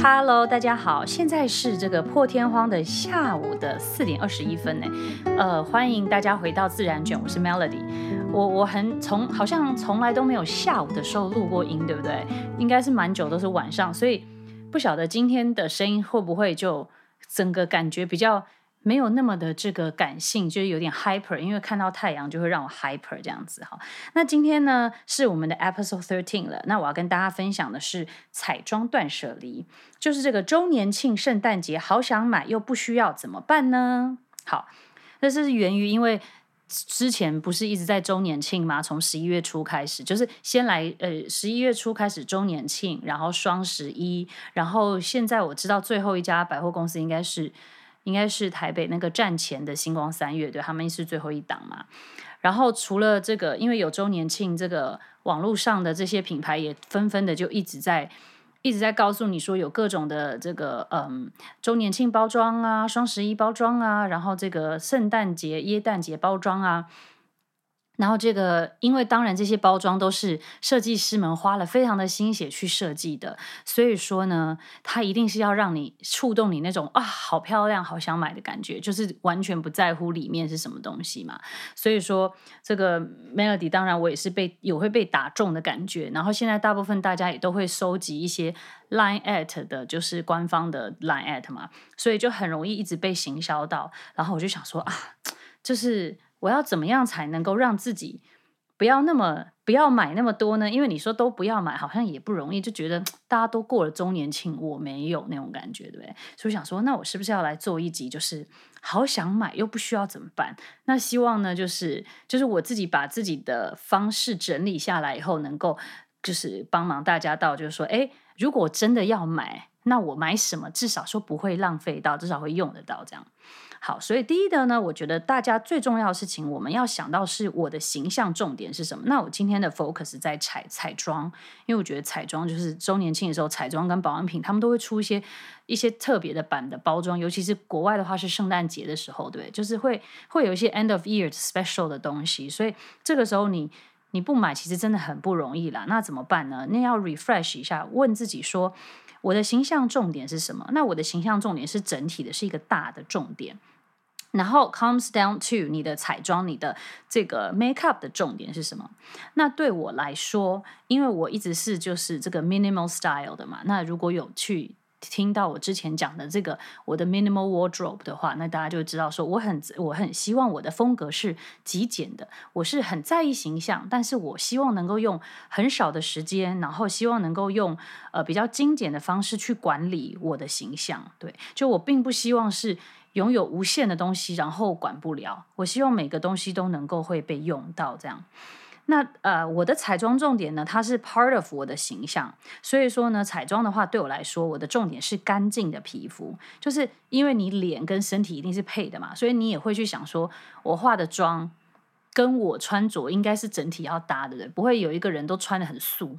哈嘍大家好，現在是這個破天荒的下午的四點二十一分誒，呃，歡迎大家回到自然卷，我是 Melody，我我很從好像從來都沒有下午的時候錄過音，對不對？應該是蠻久都是晚上，所以不曉得今天的聲音會不會就整個感覺比較。沒有那麼的這個感性，就是有點 hyper，因為看到太陽就會讓我 hyper 這樣子哈。那今天呢是我們的 episode thirteen 了，那我要跟大家分享的是彩妝斷舍離，就是這個周年慶、聖誕節好想買又不需要怎麼辦呢？好，那這是源於因為之前不是一直在周年慶嗎？從十一月初開始，就是先來呃十一月初開始周年慶，然後雙十一，然後現在我知道最後一家百貨公司應該是。應該是台北那個站前的新光三越，對，他們是最後一檔嘛。然後除了這個，因為有周年慶，這個網絡上的這些品牌也紛紛的就一直在一直在告訴你說有各種的這個嗯周年慶包裝啊，雙十一包裝啊，然後這個聖誕節、耶誕節包裝啊。然後這個，因為當然這些包裝都是設計師們花了非常的心血去設計的，所以說呢，它一定是要讓你觸動你那種啊，好漂亮，好想買的感覺，就是完全不在乎裡面是什麼東西嘛。所以說這個 Melody，當然我也是被有會被打中的感覺。然後現在大部分大家也都會收集一些 Line at 的，就是官方的 Line at 嘛，所以就很容易一直被行銷到。然後我就想說啊，就是。我要怎麼樣才能夠讓自己不要那麼不要買那麼多呢？因為你說都不要買，好像也不容易，就覺得大家都過了週年慶，我沒有那種感覺，對不對？所以想說，那我是不是要來做一集，就是好想買又不需要怎麼辦？那希望呢，就是就是我自己把自己的方式整理下來以後，能夠就是幫忙大家到，就是說，哎，如果真的要買，那我買什麼，至少說不會浪費到，至少會用得到這樣。好，所以第一的呢，我覺得大家最重要的事情，我們要想到是我的形象重點是什麼？那我今天的 focus 在彩彩妝，因為我覺得彩妝就是周年慶的時候，彩妝跟保養品他們都會出一些一些特別的版的包裝，尤其是國外的話是聖誕節的時候，對不對？就是會會有一些 end of year special 的東西，所以這個時候你你不買其實真的很不容易啦。那怎麼辦呢？那要 refresh 一下，問自己說。我的形象重點是什麼？那我的形象重點是整體的，是一個大的重點。然後 comes down to 你的彩妝，你的這個 makeup 的重點是什麼？那對我來說，因為我一直是就是這個 minimal style 的嘛。那如果有去聽到我之前講的這個我的 minimal wardrobe 的話，那大家就知道說我很我很希望我的風格是極簡的，我是很在意形象，但是我希望能夠用很少的時間，然後希望能夠用呃比較精簡的方式去管理我的形象。對，就我並不希望是擁有無限的東西，然後管不了。我希望每個東西都能夠會被用到，這樣。那呃，我的彩妝重點呢，它是 part of 我的形象，所以說呢，彩妝的話對我來說，我的重點是乾淨的皮膚，就是因為你臉跟身體一定是配的嘛，所以你也會去想說，我化的妝跟我穿着應該是整體要搭的，對不對？不會有一個人都穿的很素，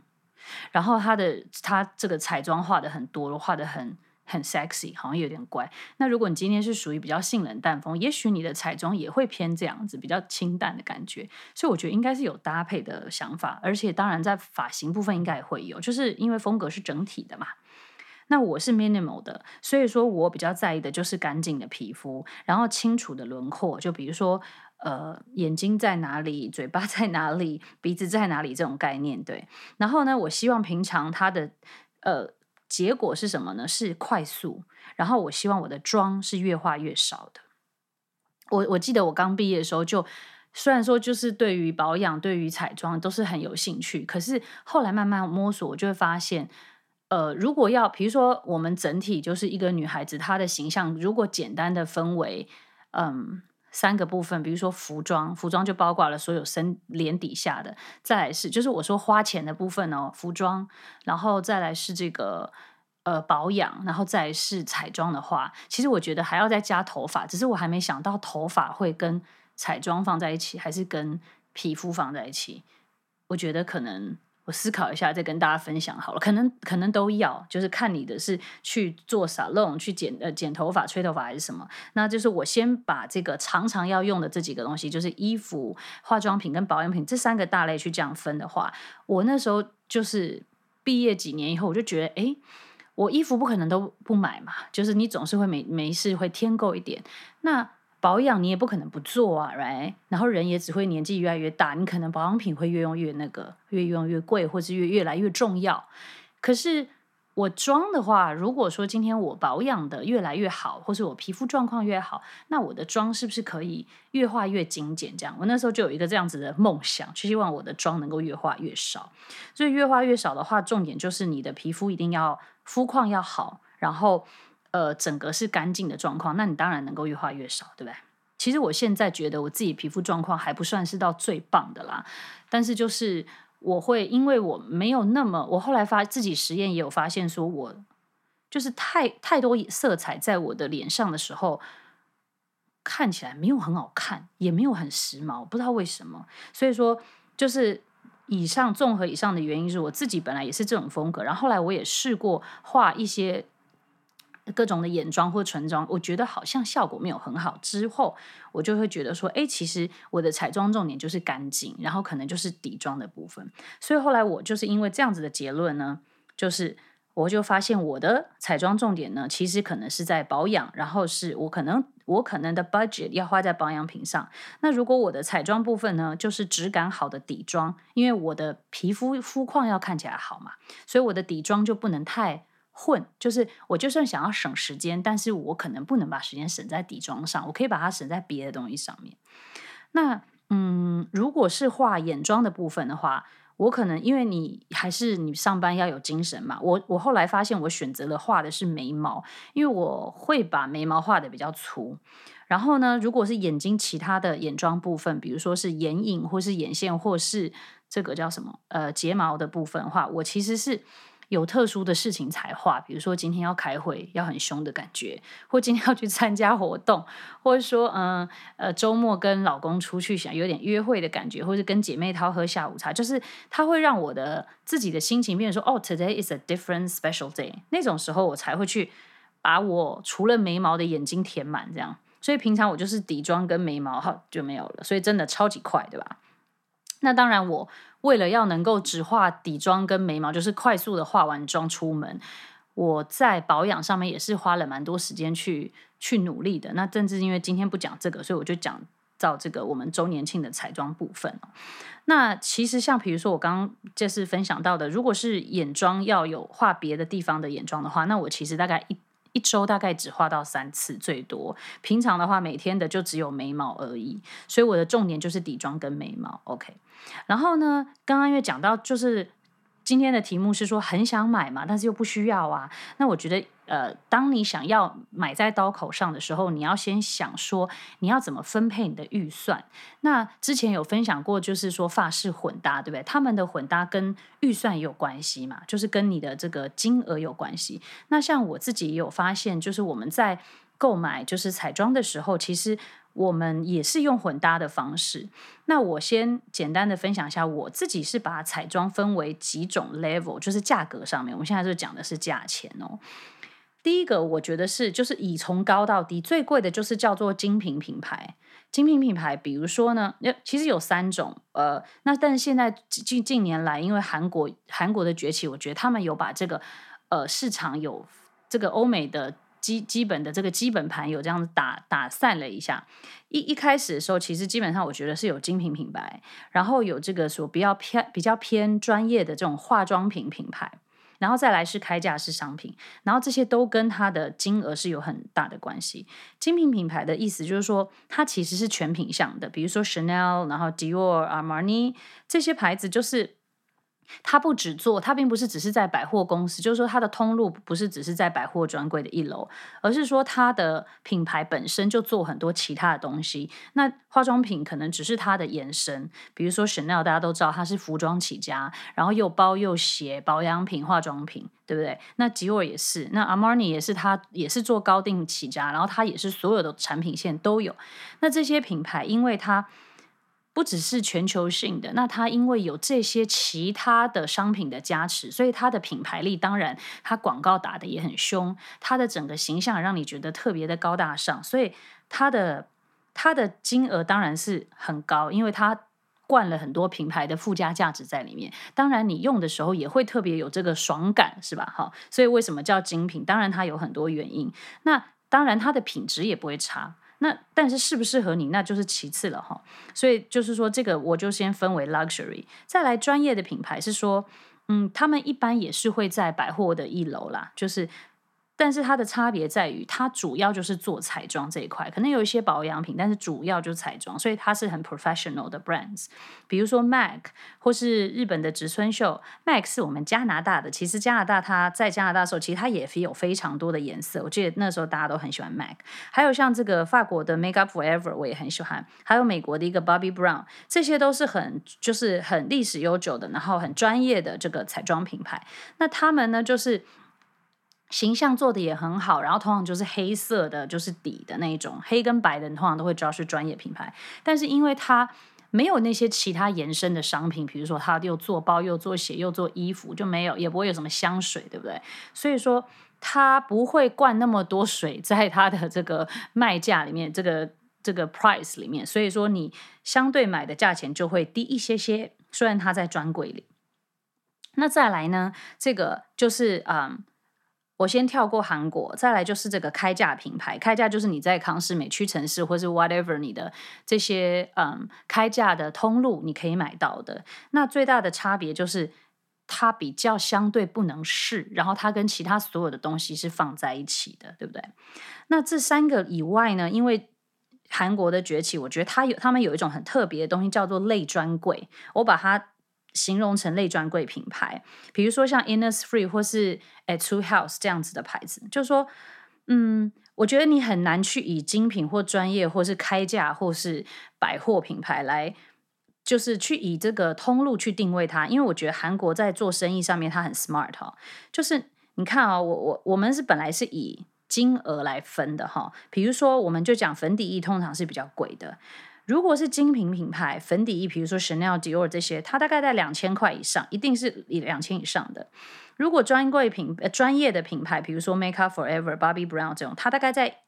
然後他的他這個彩妝化的很多，化的很。很 sexy，好像有點怪。那如果你今天是屬於比較性冷淡風，也許你的彩妝也會偏這樣子，比較清淡的感覺。所以我覺得應該是有搭配的想法，而且當然在髮型部分應該也會有，就是因為風格是整體的嘛。那我是 minimal 的，所以說我比較在意的就是乾淨的皮膚，然後清楚的輪廓，就比如說，呃，眼睛在哪裡，嘴巴在哪裡，鼻子在哪裡，這種概念，對。然後呢，我希望平常它的呃，結果是什麼呢？是快速。然後我希望我的妝是越化越少的。我我記得我剛畢業的時候就，就雖然說就是對於保養、對於彩妝都是很有興趣，可是後來慢慢摸索，我就會發現，呃，如果要比如說我們整體就是一個女孩子，她的形象如果簡單的分為，嗯。三個部分，比如說服裝，服裝就包括了所有身臉底下的，再來是就是我說花錢的部分哦，服裝，然後再來是這個呃保養，然後再來是彩妝的話，其實我覺得還要再加頭髮，只是我還沒想到頭髮會跟彩妝放在一起，還是跟皮膚放在一起，我覺得可能。我思考一下再跟大家分享好了，可能可能都要，就是看你的是去做沙龍去剪呃剪頭髮、吹頭髮還是什麼。那就是我先把這個常常要用的這幾個東西，就是衣服、化妝品跟保養品這三個大類去這樣分的話，我那時候就是畢業幾年以後，我就覺得，誒，我衣服不可能都不買嘛，就是你總是會沒沒事會添購一點。那保養你也不可能不做啊，right？然後人也只會年紀越來越大，你可能保養品會越用越那個，越用越貴，或是越越來越重要。可是我妝的話，如果說今天我保養得越來越好，或是我皮膚狀況越好，那我的妝是不是可以越化越精簡？這樣，我那時候就有一個這樣子的夢想，就希望我的妝能夠越化越少。所以越化越少的話，重點就是你的皮膚一定要膚況要好，然後。呃，整個是乾淨的狀況，那你當然能夠越畫越少，對不對？其實我現在覺得我自己皮膚狀況還不算是到最棒的啦，但是就是我會因為我沒有那麼，我後來發自己實驗也有發現，說我就是太太多色彩在我的臉上的時候，看起來沒有很好看，也沒有很時髦，不知道為什麼。所以說，就是以上綜合以上的原因，是我自己本來也是這種風格，然後後來我也試過畫一些。各種的眼妝或唇妝，我覺得好像效果沒有很好。之後我就會覺得說，哎，其實我的彩妝重點就是乾淨，然後可能就是底妝的部分。所以後來我就是因為這樣子的結論呢，就是我就發現我的彩妝重點呢，其實可能是在保養，然後是我可能我可能的 budget 要花在保養品上。那如果我的彩妝部分呢，就是質感好的底妝，因為我的皮膚膚況要看起來好嘛，所以我的底妝就不能太。混就是，我就算想要省時間，但是我可能不能把時間省在底妝上，我可以把它省在別的東西上面。那，嗯，如果是畫眼妝的部分的話，我可能因為你還是你上班要有精神嘛，我我後來發現我選擇了畫的是眉毛，因為我會把眉毛畫得比較粗。然後呢，如果是眼睛其他的眼妝部分，比如說是眼影或是眼線或是這個叫什麼，呃，睫毛的部分的話，我其實是。有特殊的事情才畫，比如說今天要開會，要很凶的感覺，或今天要去參加活動，或者說，嗯，呃，周末跟老公出去想有點約會的感覺，或者跟姐妹淘喝下午茶，就是它會讓我的自己的心情變成說，哦，today is a different special day，那種時候我才會去把我除了眉毛的眼睛填滿，這樣，所以平常我就是底妝跟眉毛哈就沒有了，所以真的超級快，對吧？那當然我。為了要能夠只畫底妝跟眉毛，就是快速的化完妝出門，我在保養上面也是花了蠻多時間去去努力的。那正是因為今天不講這個，所以我就講到這個我們周年慶的彩妝部分。那其實像比如說我剛剛就是分享到的，如果是眼妝要有畫別的地方的眼妝的話，那我其實大概一。一週大概只畫到三次，最多。平常的話，每天的就只有眉毛而已。所以我的重點就是底妝跟眉毛。OK。然後呢，剛剛因為講到，就是今天的題目是說很想買嘛，但是又不需要啊。那我覺得。呃，當你想要買在刀口上的時候，你要先想說你要怎麼分配你的預算。那之前有分享過，就是說發飾混搭，對不對？他們的混搭跟預算有關係嘛，就是跟你的這個金額有關係。那像我自己也有發現，就是我們在購買就是彩妝的時候，其實我們也是用混搭的方式。那我先簡單的分享一下，我自己是把彩妝分為幾種 level，就是價格上面。我們現在就講的是價錢哦。第一個，我覺得是就是以從高到低，最貴的就是叫做精品品牌。精品品牌，比如說呢，那其實有三種，呃，那但是現在近近年來，因為韓國韓國的崛起，我覺得他們有把這個呃市場有這個歐美的基基本的這個基本盤有這樣子打打散了一下。一一開始的時候，其實基本上我覺得是有精品品牌，然後有這個所比較偏比較偏專業的這種化妝品品牌。然後再來是開架式商品，然後這些都跟它的金額是有很大的關係。精品品牌的意思就是說，它其實是全品項的，比如說 Chanel，然後 Dior、Armani 這些牌子就是。它不只做，它並不是只是在百貨公司，就是說它的通路不是只是在百貨專櫃的一樓，而是說它的品牌本身就做很多其他的東西。那化妝品可能只是它的延伸，比如說 Chanel 大家都知道它是服裝起家，然後又包又鞋，保養品、化妝品，對不對？那 Dior 也是，那 Armani 也是他，它也是做高定起家，然後它也是所有的產品線都有。那這些品牌，因為它。不只是全球性的，那它因為有這些其他的商品的加持，所以它的品牌力當然，它廣告打得也很兇，它的整個形象讓你覺得特別的高大上，所以它的它的金額當然是很高，因為它灌了很多品牌的附加價值在裡面。當然，你用的時候也會特別有這個爽感，是吧？好，所以為什麼叫精品？當然它有很多原因，那當然它的品質也不會差。那但是適不適合你，那就是其次了哈。所以就是說，這個我就先分為 luxury，再來專業的品牌是說，嗯，他們一般也是會在百貨的一樓啦，就是。但是它的差別在於，它主要就是做彩妝這一塊，可能有一些保養品，但是主要就是彩妝，所以它是很 professional 的 brands，比如說 MAC 或是日本的植村秀，MAC 是我們加拿大的，其實加拿大它在加拿大的時候，其實它也是有非常多的顏色，我記得那時候大家都很喜歡 MAC，還有像這個法國的 Make Up For Ever 我也很喜歡，還有美國的一個 Bobbi Brown，這些都是很就是很歷史悠久的，然後很專業的這個彩妝品牌，那他們呢就是。形象做得也很好，然後通常就是黑色的，就是底的那一種，黑跟白的，通常都會知道是專業品牌。但是因為它沒有那些其他延伸的商品，比如說它又做包又做鞋又做衣服就沒有，也不會有什麼香水，對不對？所以說它不會灌那麼多水在它的這個賣價裡面，這個這個 price 裡面。所以說你相對買的價錢就會低一些些，雖然它在專櫃裡。那再來呢，這個就是嗯。我先跳過韓國，再來就是這個開架品牌。開架就是你在康是美屈臣氏、或是 whatever 你的這些嗯開架的通路，你可以買到的。那最大的差別就是它比較相對不能試，然後它跟其他所有的東西是放在一起的，對不對？那這三個以外呢，因為韓國的崛起，我覺得它有他們有一種很特別的東西，叫做類專櫃。我把它形容成類專櫃品牌，比如說像 Innisfree 或是 Etude House 這樣子的牌子，就是說，嗯，我覺得你很難去以精品或專業或是開架或是百貨品牌來，就是去以這個通路去定位它，因為我覺得韓國在做生意上面它很 smart 哈、哦，就是你看啊、哦，我我我們是本來是以金額來分的哈、哦，比如說我們就講粉底液通常是比較貴的。如果是精品品牌粉底液，比如說 Chanel、Dior 這些，它大概在兩千塊以上，一定是兩兩千以上的。如果專櫃品呃專業的品牌，比如說 Make Up For Ever、Bobbi Brown 這種，它大概在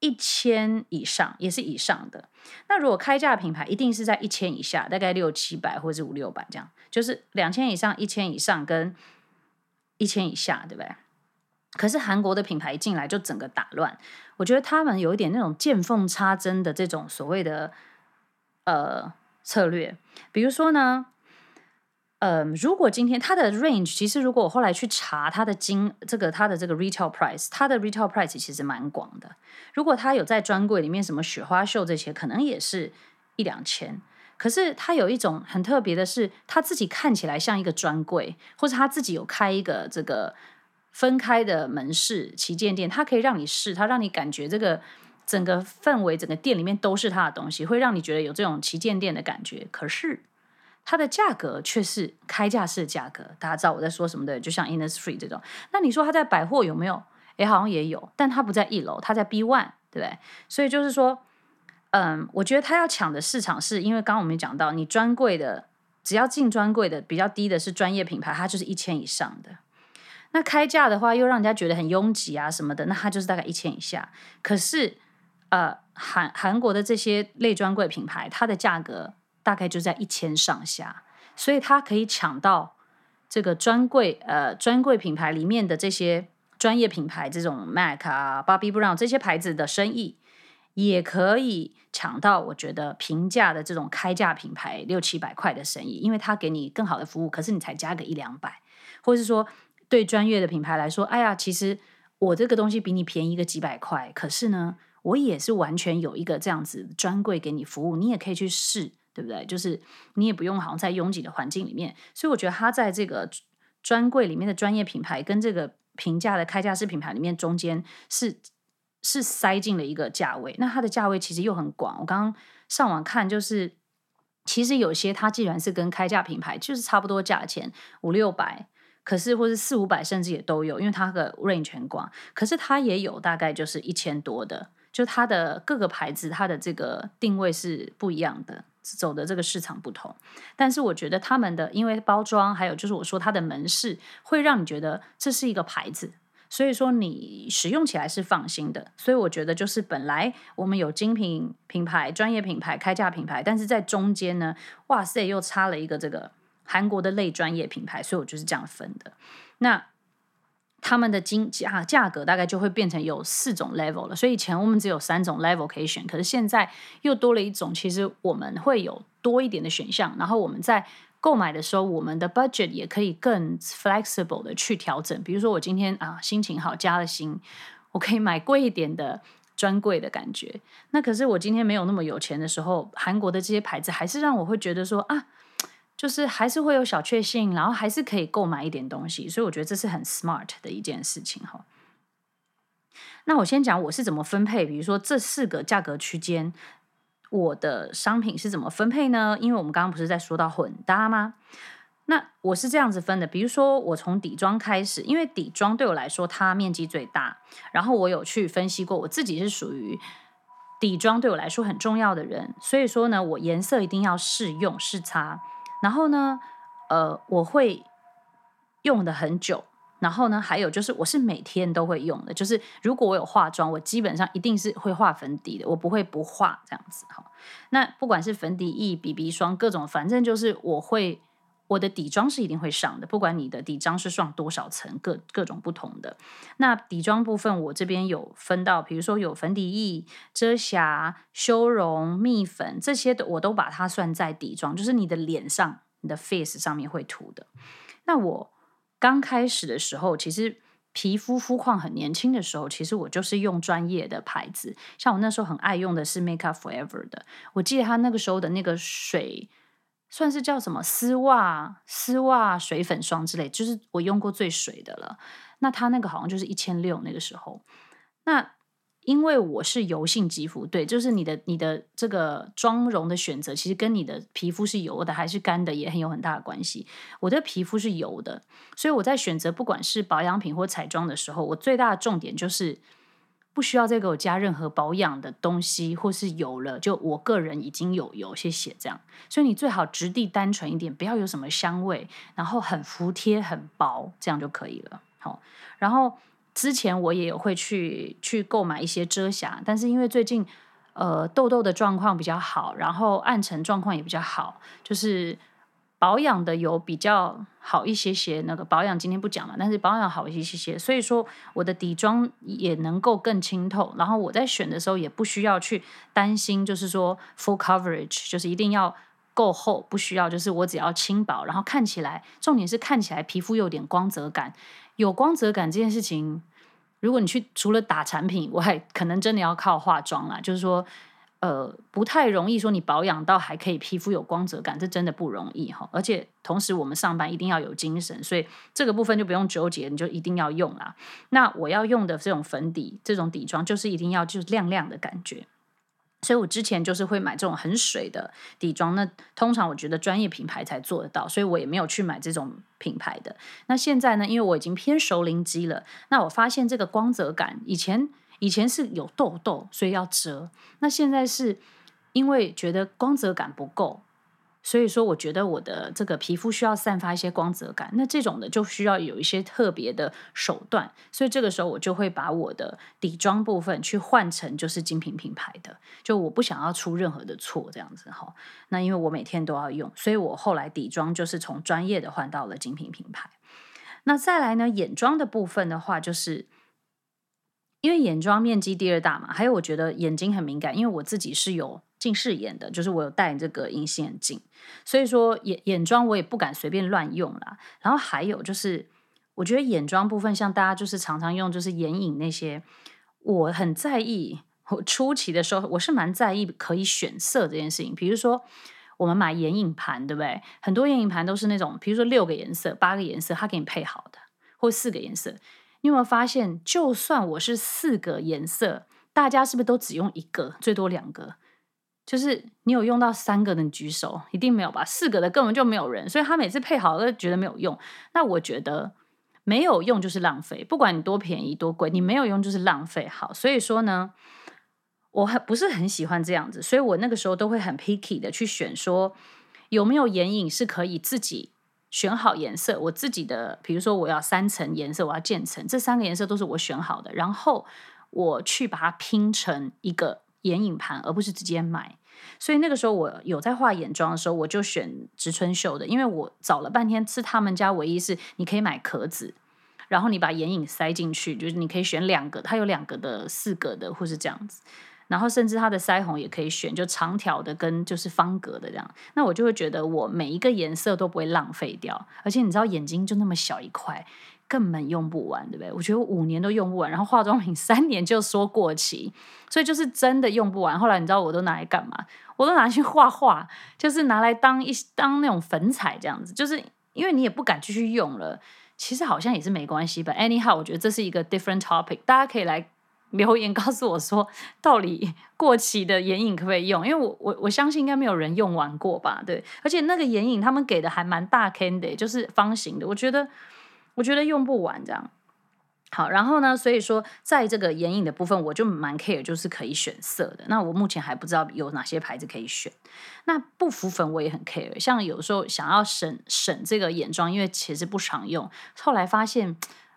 一千以上，也是以上的。那如果開架品牌，一定是在一千以下，大概六七百或者是五六百這樣，就是兩千以上、一千以上跟一千以下，對不對？可是韓國的品牌一進來就整個打亂。我覺得他們有一點那種見縫插針的這種所謂的呃策略，比如說呢，呃，如果今天它的 range，其實如果我後來去查它的金，這個它的這個 retail price，它的 retail price 其實蠻廣的。如果它有在專櫃裡面什麼雪花秀這些，可能也是一兩千。可是它有一種很特別的是，它自己看起來像一個專櫃，或者他自己有開一個這個。分開的門市旗艦店，它可以讓你試，它讓你感覺這個整個氛圍、整個店裡面都是它的東西，會讓你覺得有這種旗艦店的感覺。可是它的價格卻是開架式的價格，大家知道我在說什麼的？就像 Innisfree 這種，那你說它在百貨有沒有？誒、欸，好像也有，但它不在一樓，它在 B One，對不對？所以就是說，嗯，我覺得它要搶的市場是，是因為剛剛我們講到，你專櫃的只要進專櫃的比較低的是專業品牌，它就是一千以上的。那開價的話，又讓人家覺得很擁擠啊什麼的，那它就是大概一千以下。可是，呃，韓韓國的這些類專櫃品牌，它的價格大概就在一千上下，所以它可以搶到這個專櫃呃專櫃品牌裡面的這些專業品牌，這種 Mac 啊、Bobbi Brown 這些牌子的生意，也可以搶到。我覺得平價的這種開價品牌六七百塊的生意，因為它給你更好的服務，可是你才加個一兩百，或是說。對專業的品牌來說，哎呀，其實我這個東西比你便宜一個幾百塊，可是呢，我也是完全有一個這樣子專櫃給你服務，你也可以去試，對不對？就是你也不用好像在擁擠的環境裡面。所以我覺得它在這個專櫃裡面的專業品牌跟這個平價的開價式品牌裡面中間是是塞進了一個價位，那它的價位其實又很廣。我剛剛上網看，就是其實有些它既然是跟開價品牌就是差不多價錢五六百。可是，或是四五百甚至也都有，因為它的 range 廣。可是它也有大概就是一千多的，就它的各個牌子，它的這個定位是不一樣的，走的這個市場不同。但是我覺得他們的因為包裝，還有就是我說它的門市會讓你覺得這是一個牌子，所以說你使用起來是放心的。所以我覺得就是本來我們有精品品牌、專業品牌、開價品牌，但是在中間呢，哇塞，又插了一個這個。韓國的類專業品牌，所以我就是這樣分的。那他們的金價、啊、價格大概就會變成有四種 level 了。所以以前我們只有三種 level 可以選，可是現在又多了一種。其實我們會有多一點的選項。然後我們在購買的時候，我們的 budget 也可以更 flexible 的去調整。比如說我今天啊心情好加了薪，我可以買貴一點的專櫃的感覺。那可是我今天沒有那麼有錢的時候，韓國的這些牌子還是讓我會覺得說啊。就是還是會有小確幸，然後還是可以購買一點東西，所以我覺得這是很 smart 的一件事情哈。那我先講我是怎麼分配，比如說這四個價格區間，我的商品是怎麼分配呢？因為我們剛剛不是在說到混搭嗎？那我是這樣子分的，比如說我從底妝開始，因為底妝對我來說它面積最大，然後我有去分析過，我自己是屬於底妝對我來說很重要的人，所以說呢，我顏色一定要試用試擦。然後呢，呃，我會用的很久。然後呢，還有就是，我是每天都會用的。就是如果我有化妝，我基本上一定是會化粉底的，我不會不化這樣子。好，那不管是粉底液、BB 霜各種，反正就是我會。我的底妝是一定會上的，不管你的底妝是上多少層，各各種不同的。那底妝部分，我這邊有分到，比如說有粉底液、遮瑕、修容、蜜粉這些，我都把它算在底妝，就是你的臉上、你的 face 上面會塗的。那我剛開始的時候，其實皮膚膚況很年輕的時候，其實我就是用專業的牌子，像我那時候很愛用的是 Make Up For Ever 的，我記得它那個時候的那個水。算是叫什麼絲襪、絲襪水粉霜之類，就是我用過最水的了。那它那個好像就是一千六那個時候。那因為我是油性肌膚，對，就是你的你的這個妝容的選擇，其實跟你的皮膚是油的還是乾的也很有很大的關係。我的皮膚是油的，所以我在選擇不管是保養品或彩妝的時候，我最大的重點就是。不需要再給我加任何保養的東西，或是油了，就我個人已經有，有油，謝謝這樣，所以你最好質地單純一點，不要有什麼香味，然後很服帖、很薄，這樣就可以了。好，哦，然後之前我也會去去購買一些遮瑕，但是因為最近呃痘痘的狀況比較好，然後暗沉狀況也比較好，就是。保養的有比較好一些些，那個保養今天不講了。但是保養好一些些，所以說我的底妝也能夠更清透。然後我在選的時候也不需要去擔心，就是說 full coverage，就是一定要夠厚，不需要。就是我只要輕薄，然後看起來，重點是看起來皮膚有點光澤感。有光澤感這件事情，如果你去除了打產品以外，我還可能真的要靠化妝啦，就是說。呃，不太容易說你保養到還可以，皮膚有光澤感，這真的不容易哈。而且同時我們上班一定要有精神，所以這個部分就不用糾結，你就一定要用啦。那我要用的這種粉底，這種底妝就是一定要就是亮亮的感覺。所以我之前就是會買這種很水的底妝，那通常我覺得專業品牌才做得到，所以我也沒有去買這種品牌的。那現在呢，因為我已經偏熟齡肌了，那我發現這個光澤感以前。以前是有痘痘，所以要遮。那現在是因為覺得光澤感不夠，所以說我覺得我的這個皮膚需要散發一些光澤感。那這種的就需要有一些特別的手段，所以這個時候我就會把我的底妝部分去換成就是精品品牌的，就我不想要出任何的錯這樣子哈。那因為我每天都要用，所以我後來底妝就是從專業的換到了精品品牌。那再來呢，眼妝的部分的話就是。因為眼妝面積第二大嘛，還有我覺得眼睛很敏感，因為我自己是有近視眼的，就是我有戴這個隱形眼鏡，所以說眼眼妝我也不敢隨便亂用啦。然後還有就是，我覺得眼妝部分，像大家就是常常用，就是眼影那些，我很在意。我初期的時候，我是蠻在意可以選色這件事情。比如說我們買眼影盤，對不對？很多眼影盤都是那種，比如說六個顏色、八個顏色，它給你配好的，或四個顏色。你有沒有發現，就算我是四個顏色，大家是不是都只用一個，最多兩個？就是你有用到三個的你舉手，一定沒有吧？四個的根本就沒有人，所以他每次配好都覺得沒有用。那我覺得沒有用就是浪費，不管你多便宜多貴，你沒有用就是浪費。好，所以說呢，我還不是很喜歡這樣子，所以我那個時候都會很 picky 的去選，說有沒有眼影是可以自己。選好顏色，我自己的，比如說我要三層顏色，我要漸層，這三個顏色都是我選好的，然後我去把它拼成一個眼影盤，而不是直接買。所以那個時候我有在畫眼妝的時候，我就選植村秀的，因為我找了半天，是他們家唯一是你可以買殼子，然後你把眼影塞進去，就是你可以選兩個，它有兩個的、四個的，或是這樣子。然後甚至它的腮紅也可以選，就長條的跟就是方格的這樣。那我就會覺得我每一個顏色都不會浪費掉，而且你知道眼睛就那麼小一塊，根本用不完，對不對？我覺得我五年都用不完，然後化妝品三年就說過期，所以就是真的用不完。後來你知道我都拿來幹嘛？我都拿去畫畫，就是拿來當一當那種粉彩這樣子。就是因為你也不敢繼續用了，其實好像也是沒關係吧。Anyhow，我覺得這是一個 different topic，大家可以來。留言告訴我說，到底過期的眼影可不可以用？因為我我我相信應該沒有人用完過吧，對。而且那個眼影他們給的還蠻大顆的，就是方形的，我覺得我覺得用不完這樣。好，然後呢，所以說在這個眼影的部分，我就蠻 care，就是可以選色的。那我目前還不知道有哪些牌子可以選。那不浮粉我也很 care，像有時候想要省省這個眼妝，因為其實不常用。後來發現，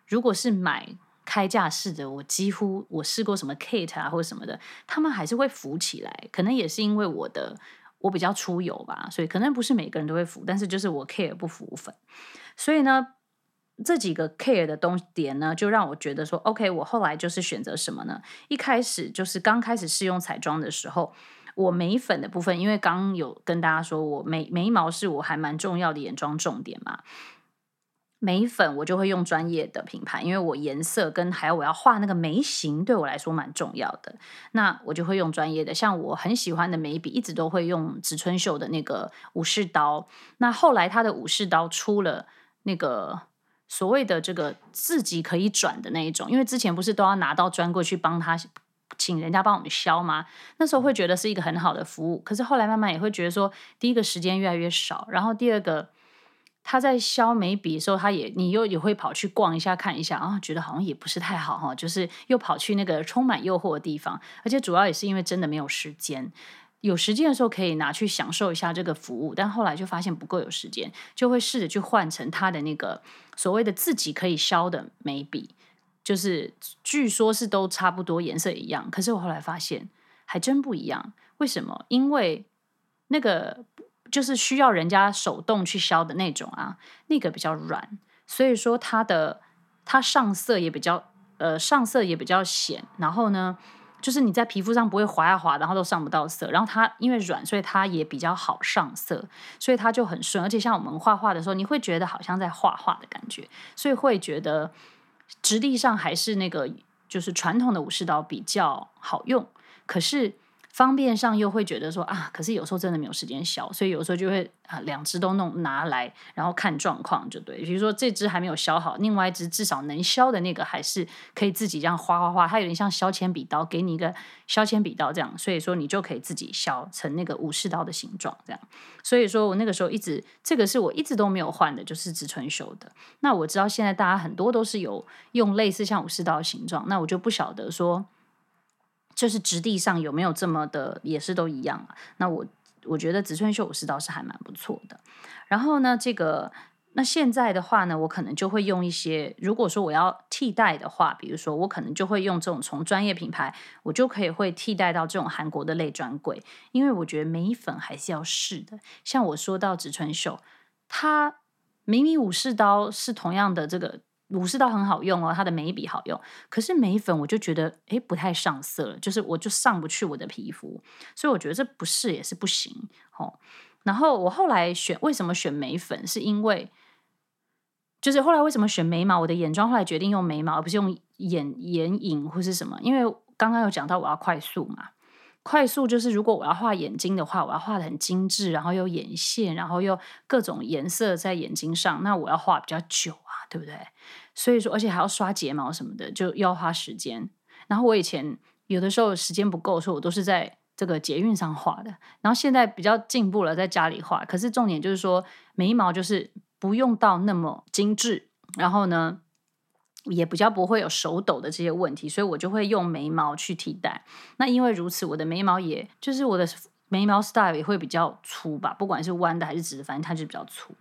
如果是買。開架式的，我幾乎我試過什麼 Kate 啊或者什麼的，他們還是會浮起來。可能也是因為我的我比較出油吧，所以可能不是每個人都會浮，但是就是我 care 不浮粉。所以呢，這幾個 care 的東西點呢，就讓我覺得說，OK，我後來就是選擇什麼呢？一開始就是剛開始試用彩妝的時候，我眉粉的部分，因為剛有跟大家說我眉眉毛是我還蠻重要的眼妝重點嘛。眉粉我就會用專業的品牌，因為我顏色跟還有我要畫那個眉形對我來說蠻重要的，那我就會用專業的。像我很喜歡的眉筆，一直都會用植村秀的那個武士刀。那後來他的武士刀出了那個所謂的這個自己可以轉的那一種，因為之前不是都要拿到專櫃去幫他請人家幫我們削嗎？那時候會覺得是一個很好的服務，可是後來慢慢也會覺得說，第一個時間越來越少，然後第二個。他在削眉筆的時候，他也你又也會跑去逛一下看一下啊，覺得好像也不是太好哈、哦，就是又跑去那個充滿誘惑的地方，而且主要也是因為真的沒有時間，有時間的時候可以拿去享受一下這個服務，但後來就發現不夠有時間，就會試着去換成他的那個所謂的自己可以削的眉筆，就是據說是都差不多顏色一樣，可是我後來發現還真不一樣，為什麼？因為那個。就是需要人家手動去削的那種啊，那個比較軟，所以說它的它上色也比較呃，上色也比較顯，然後呢，就是你在皮膚上不會滑呀滑，然後都上不到色，然後它因為軟，所以它也比較好上色，所以它就很順，而且像我們畫畫的時候，你會覺得好像在畫畫的感覺，所以會覺得質地上還是那個就是傳統的武士刀比較好用，可是。方便上又會覺得說啊，可是有時候真的沒有時間削，所以有時候就會啊、呃，兩隻都弄拿來，然後看狀況就對。比如說這隻還沒有削好，另外一隻至少能削的那個還是可以自己這樣劃劃劃，它有點像削鉛筆刀，給你一個削鉛筆刀這樣，所以說你就可以自己削成那個武士刀的形狀這樣。所以說，我那個時候一直這個是我一直都沒有換的，就是植村秀的。那我知道現在大家很多都是有用類似像武士刀的形狀，那我就不曉得說。就是質地上有沒有這麼的，也是都一樣啊。那我我覺得植村秀武士刀是還蠻不錯的。然後呢，這個那現在的話呢，我可能就會用一些，如果說我要替代的話，比如說我可能就會用這種從專業品牌，我就可以會替代到這種韓國的類專櫃，因為我覺得眉粉還是要試的。像我說到植村秀，它明明武士刀是同樣的這個。武士刀很好用哦，它的眉筆好用，可是眉粉我就覺得誒，不太上色了，就是我就上不去我的皮膚，所以我覺得這不是，也是不行。哦。然後我後來選為什麼選眉粉，是因為就是後來為什麼選眉毛，我的眼妝後來決定用眉毛而不是用眼眼影或是什麼，因為剛剛有講到我要快速嘛，快速就是如果我要畫眼睛的話，我要畫的很精緻，然後又眼線，然後又各種顏色在眼睛上，那我要畫比較久。對不對？所以說，而且還要刷睫毛什麼的，就要花時間。然後我以前有的時候時間不夠的時候，所以我都是在這個捷運上畫的。然後現在比較進步了，在家裡畫。可是重點就是說，眉毛就是不用到那麼精致，然後呢，也比較不會有手抖的這些問題，所以我就會用眉毛去替代。那因為如此，我的眉毛也就是我的眉毛 style 也會比較粗吧，不管是彎的還是直的，反正它就比較粗。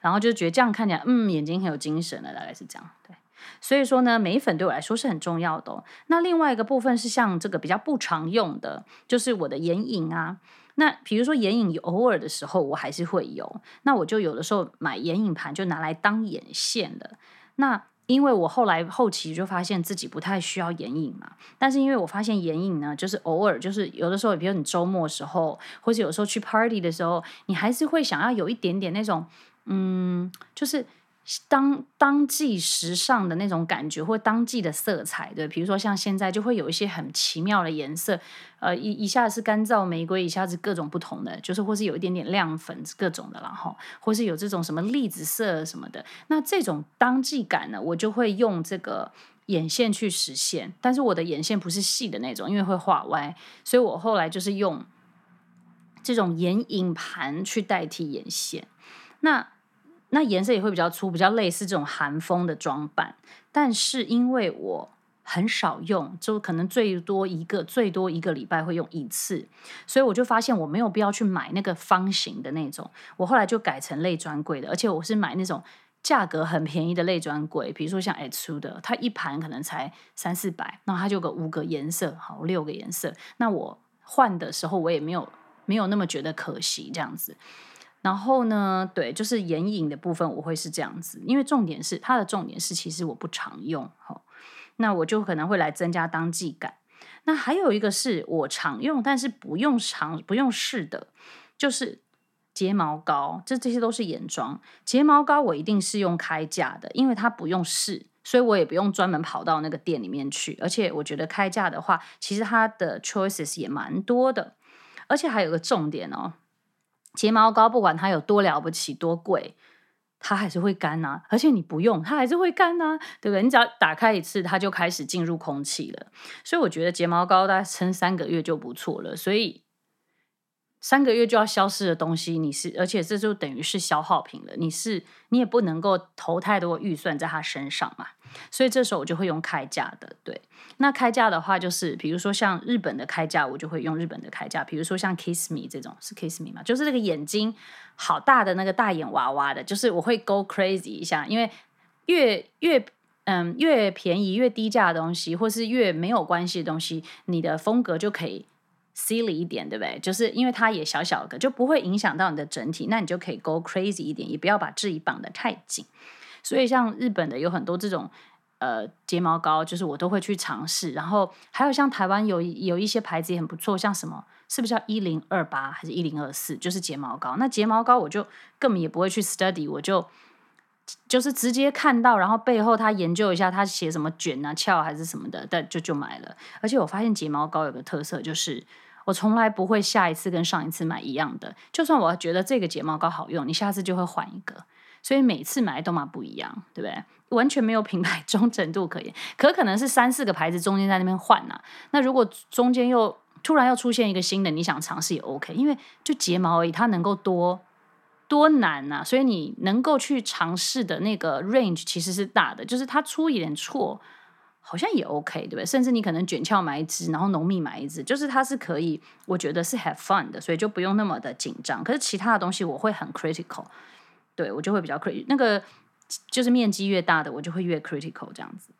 然後就覺得這樣看起來，嗯，眼睛很有精神了，大概是這樣。對，所以說呢，眉粉對我來說是很重要的哦。那另外一個部分是像這個比較不常用的，就是我的眼影啊。那比如說眼影，偶爾的時候我還是會有。那我就有的時候買眼影盤就拿來當眼線的。那因為我後來後期就發現自己不太需要眼影嘛。但是因為我發現眼影呢，就是偶爾就是有的時候，比如你週末的時候，或者有時候去 party 的時候，你還是會想要有一點點那種。嗯，就是當當季時尚的那種感覺，或當季的色彩，對，比如說像現在就會有一些很奇妙的顏色，呃，一一下是乾燥玫瑰，一下子各種不同的，就是或是有一點點亮粉，各種的，然後，或是有這種什麼栗子色什麼的。那這種當季感呢，我就會用這個眼線去實現，但是我的眼線不是細的那種，因為會畫歪，所以我後來就是用這種眼影盤去代替眼線，那，那顏色也會比較粗，比較類似這種韓風的裝扮。但是因為我很少用，就可能最多一個最多一個禮拜會用一次，所以我就發現我沒有必要去買那個方形的那種。我後來就改成類專櫃的，而且我是買那種價格很便宜的類專櫃，比如說像 H 2的，它一盤可能才三四百，然後它就有個五個顏色，好，六個顏色。那我換的時候，我也沒有沒有那麼覺得可惜這樣子。然後呢，對，就是眼影的部分我會是這樣子，因為重點是它，的重點是其實我不常用哈、哦，那我就可能會來增加當季感。那還有一個是我常用，但是不用嘗不用試的，就是睫毛膏，這這些都是眼妝。睫毛膏我一定是用開架的，因為它不用試，所以我也不用專門跑到那個店裡面去。而且我覺得開架的話，其實它的 choices 也蠻多的，而且還有個重點哦。睫毛膏，不管它有多了不起、多貴，它還是會乾吶、啊。而且你不用，它還是會乾吶、啊，對不對？你只要打開一次，它就開始進入空氣了。所以我覺得睫毛膏大概撐三個月就不錯了。所以。三個月就要消失的東西，你是，而且這就等於是消耗品了。你是，你也不能夠投太多預算在他身上嘛。所以這時候我就會用開價的。對，那開價的話，就是比如說像日本的開價，我就會用日本的開價。比如說像 Kiss Me 這種，是 Kiss Me 嘛？就是那個眼睛好大的那個大眼娃娃的，就是我會 Go Crazy 一下，因為越越嗯、呃、越便宜越低價的東西，或是越沒有關係的東西，你的風格就可以。silly 一點，對不對？就是因為它也小小個，就不會影響到你的整體，那你就可以 go crazy 一點，也不要把自己綁得太緊。所以像日本的有很多這種呃睫毛膏，就是我都會去嘗試。然後還有像台灣有有一些牌子也很不錯，像什麼是不是叫一零二八還是一零二四，就是睫毛膏。那睫毛膏我就根本也不會去 study，我就。就是直接看到，然後背後他研究一下，他寫什麼捲啊翹還是什麼的，但就就買了。而且我發現睫毛膏有個特色，就是我從來不會下一次跟上一次買一樣的。就算我覺得這個睫毛膏好用，你下次就會換一個，所以每次買都嘛不一樣，對不對？完全沒有品牌忠誠度可言。可可能是三四個牌子中間在那邊換吶、啊。那如果中間又突然又出現一個新的，你想嘗試也 OK，因為就睫毛而已，它能夠多。多難吶！所以你能夠去嘗試的那個 range 其實是大的，就是它出一點錯好像也 OK，對不對？甚至你可能卷翹買一支，然後濃密買一支，就是它是可以，我覺得是 have fun 的，所以就不用那麼的緊張。可是其他的東西我會很 critical，對我就會比較 critical。那個就是面積越大的，我就會越 critical 這樣子。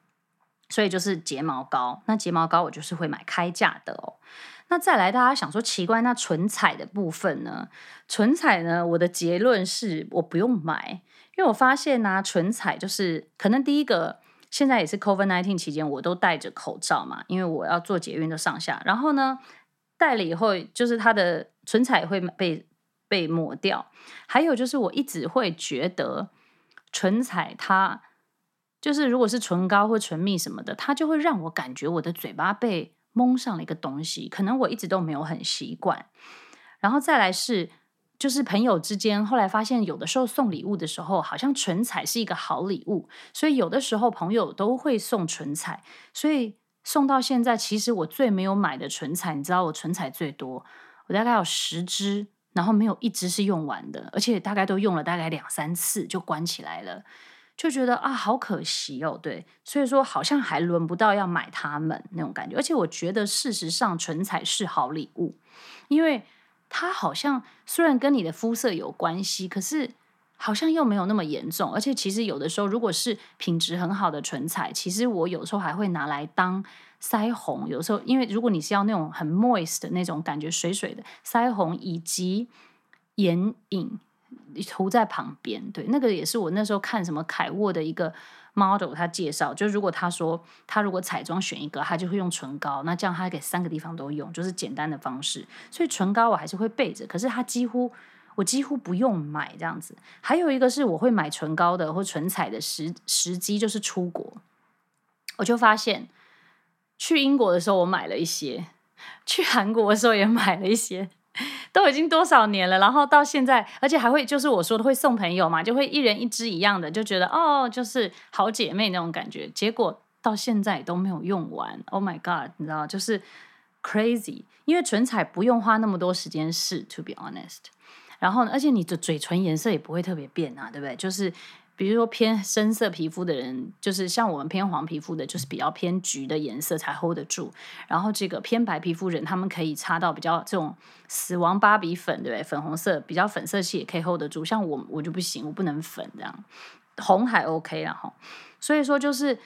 所以就是睫毛膏，那睫毛膏我就是會買開價的哦。那再來，大家想說奇怪，那唇彩的部分呢？唇彩呢？我的結論是我不用買，因為我發現呢、啊，唇彩就是可能第一個，現在也是 COVID-19 期間，我都戴着口罩嘛，因為我要坐捷運的上下，然後呢，戴了以後就是它的唇彩會被被抹掉。還有就是我一直會覺得唇彩它就是如果是唇膏或唇蜜什麼的，它就會讓我感覺我的嘴巴被。濛上了一個東西，可能我一直都沒有很習慣。然後再來是，就是朋友之間，後來發現有的時候送禮物的時候，好像唇彩是一個好禮物，所以有的時候朋友都會送唇彩。所以送到現在，其實我最沒有買的唇彩，你知道我唇彩最多，我大概有十支，然後沒有一支是用完的，而且大概都用了大概兩三次就關起來了。就覺得啊，好可惜哦，對，所以說好像還輪不到要買他們那種感覺，而且我覺得事實上唇彩是好禮物，因為它好像雖然跟你的膚色有關係，可是好像又沒有那麼嚴重，而且其實有的時候如果是品質很好的唇彩，其實我有時候還會拿來當腮紅，有時候因為如果你是要那種很 moist 的那種感覺，水水的腮紅以及眼影，塗在旁邊，對，那個也是我那時候看什麼凱沃的一個 model，他介紹，就如果他說他如果彩妝選一個，他就會用唇膏，那這樣他給三個地方都用，就是簡單的方式。所以唇膏我還是會備着，可是他幾乎我幾乎不用買這樣子。還有一個是我會買唇膏的或唇彩的時時機，就是出國，我就發現去英國的時候我買了一些，去韓國的時候也買了一些。都已經多少年了，然後到現在，而且還會就是我說的會送朋友嘛，就會一人一支一樣的，就覺得哦，就是好姐妹那種感覺。結果到現在都沒有用完，Oh my God，你知道就是 crazy，因為唇彩不用花那麼多時間試，to be honest。然後呢，而且你的嘴唇顏色也不會特別變啊，對不對？就是。比如說偏深色皮膚的人，就是像我們偏黃皮膚的，就是比較偏橘的顏色才 hold 得住。然後這個偏白皮膚的人，他們可以擦到比較這種死亡芭比粉，對不對？粉紅色比較粉色系也可以 hold 得住。像我，我就不行，我不能粉這樣，紅還 OK 啦吼。所以說就是。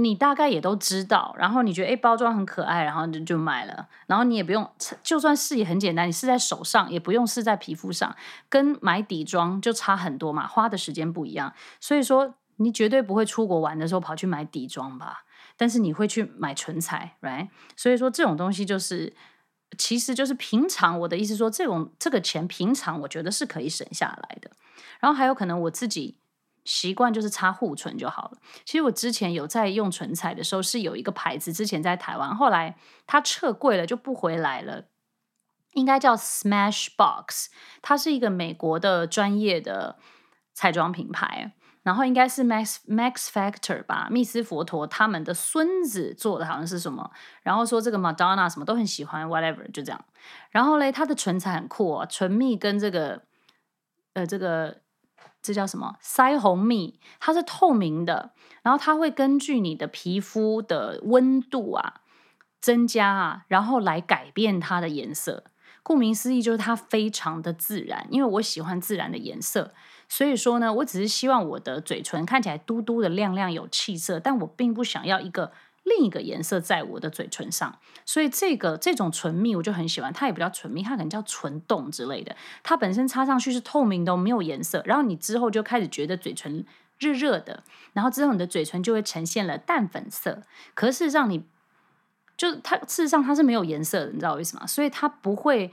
你大概也都知道，然後你覺得誒、哎、包裝很可愛，然後就就買了，然後你也不用就算試也很簡單，你試在手上也不用試在皮膚上，跟買底妝就差很多嘛，花的時間不一樣，所以說你絕對不會出國玩的時候跑去買底妝吧，但是你會去買唇彩，right？所以說這種東西就是其實就是平常我的意思說，這種這個錢平常我覺得是可以省下來的，然後還有可能我自己。習慣就是擦護唇就好了。其實我之前有在用唇彩的時候，是有一個牌子，之前在台灣，後來它撤櫃了就不回來了。應該叫 Smashbox，它是一個美國的專業的彩妝品牌。然後應該是 Max Max Factor 吧，蜜絲佛陀他們的孫子做的，好像是什麼。然後說這個 Madonna 什麼都很喜歡，whatever 就這樣。然後嘞，它的唇彩很酷哦，唇蜜跟這個，呃，這個。這叫什麼腮紅蜜？它是透明的，然後它會根據你的皮膚的溫度啊增加啊，然後來改變它的顏色。顧名思義，就是它非常的自然。因為我喜歡自然的顏色，所以說呢，我只是希望我的嘴唇看起來嘟嘟的、亮亮、有氣色，但我並不想要一個。另一個顏色在我的嘴唇上，所以這個這種唇蜜我就很喜歡。它也不叫唇蜜，它可能叫唇凍之類的。它本身擦上去是透明的，沒有顏色。然後你之後就開始覺得嘴唇熱熱的，然後之後你的嘴唇就會呈現了淡粉色。可是事實上你，就是它事實上它是沒有顏色的，你知道我意思嗎？所以它不會，